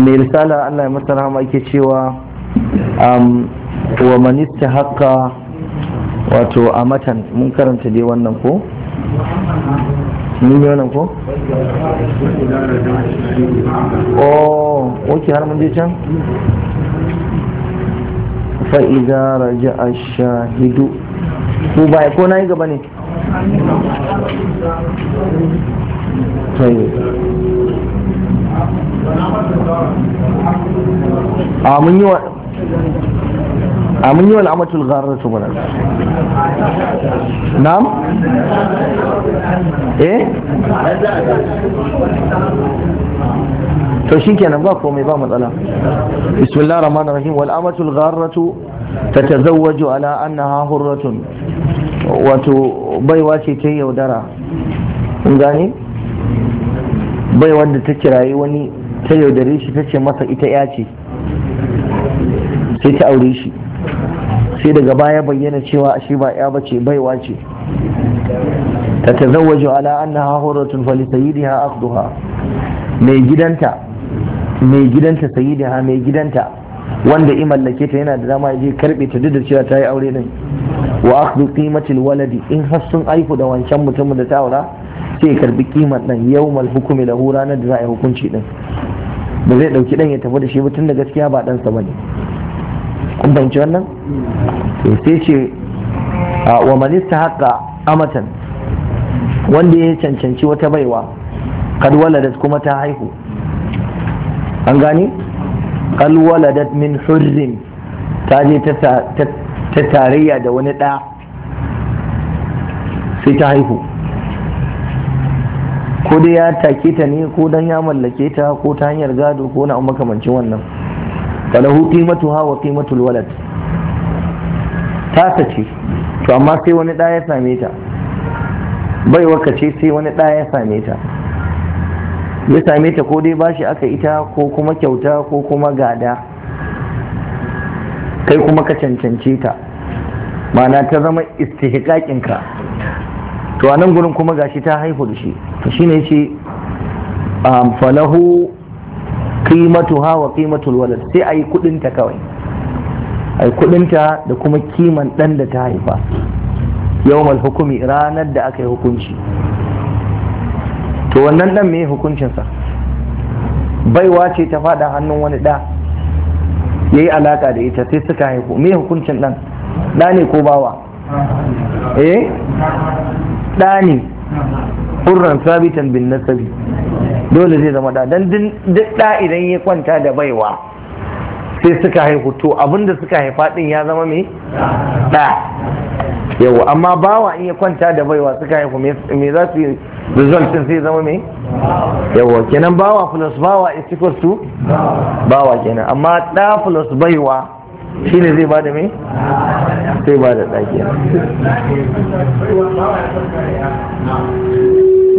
mai risala Allah ya masa rahama ake cewa um, wa manista haka wato a matan mun karanta dai wannan ko mun yi wannan ko oh ok har mun je can fa'iza raja a shahidu ko ba ko na yi gaba ne Ah, a ah, mun yi wa al'amatul gharar su mana na'am eh to shi kenan ba komai ba matsala bismillah rahman rahim wal ta ta zawaju ala annaha hurratun wato baiwa ce ta yaudara kun gane baiwa da ta kirayi wani ta yaudare shi ta ce masa ita ya ce sai ta aure shi sai daga baya bayyana cewa ashe ba ya bace baiwa ce ta zawaje ala annaha huratun fa li sayyidiha mai gidanta mai gidanta mai gidanta wanda i mallake ta yana da dama ya je karbe ta duk da cewa ta yi aure din wa akhdhu qimatil waladi in har sun da wancan mutumin da ta aura sai karbi kiman dan yawmal hukumi lahu ranar da za a yi hukunci din ba zai dauki dan ya tafi da shi ba tun da gaskiya ba dan sa bane kun fahimci wannan to sai ce wa manista haka amatan wanda ya cancanci wata baiwa kad waladat kuma ta haihu an gane kal waladat min hurrin ta je ta tarayya da wani ɗa sai ta haihu ko dai ya take ta ne ko dan ya mallake ta ko ta hanyar gado ko na makamancin wannan falahu qimatuha wa qimatul walad ta ce to amma sai wani ɗaya ya same ta bai ce sai wani ɗaya ya same ta ya same ta ko dai bashi aka ita ko kuma kyauta ko kuma gada kai kuma ka cancance ta mana ta zama istihqaqinka to a nan gurin kuma gashi ta haihu da shi shine yace um, falahu kimatu hawa qimatul walad sai ayi kudin ta kawai ayi kudin ta da kuma kiman dan da ta haifa yawmal hukumi ranar da aka yi hukunci to wannan dan me hukuncinsa baiwa ce ta fada hannun wani da yayi alaka da ita sai suka haifu. me hukuncin dan da ne ko bawa eh da ne hurran sabitan bin nasabi dole zai zama da dan duk da idan ya kwanta da baiwa sai suka haihu to abinda suka haifa din ya zama me da yawa amma bawa in ya kwanta da baiwa suka haihu me za su yi result din sai zama me yawa kenan bawa plus bawa is equals to bawa kenan amma da plus baiwa shi ne zai bada mai? zai bada tsakiya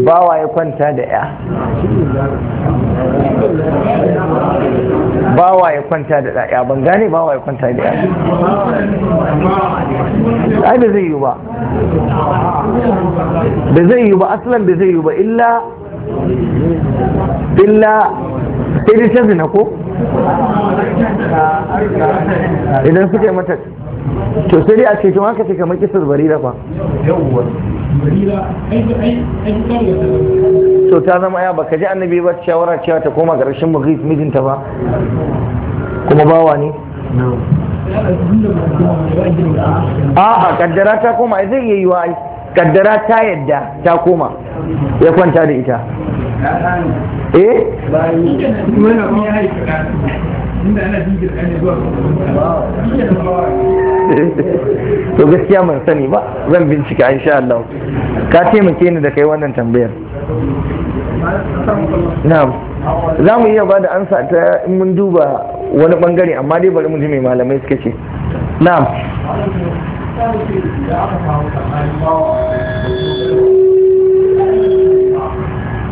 bawa ya kwanta da ya bawa ya kwanta da ya ban gane bawa ya kwanta da ya ai da zai yi ba da zai yi ba asalin da zai yi ba illa sai dai ta zina ko idan suka yi mata to sai dai a ce kuma ka ce kamar kisar barira fa to ta zama ya baka ji annabi ba shawara cewa ta koma garashin mughis mijinta ba kuma bawa ne a'a kaddara ta koma zai iya yiwa kaddara ta yadda ta koma ya kwanta da ita eh to gaskiya ban sani ba zan bincika insha Allah ka taimake ni da kai wannan tambayar na'am za mu iya ba da ansa ta in mun duba wani bangare amma dai bari mu ji mai malamai suka ce na'am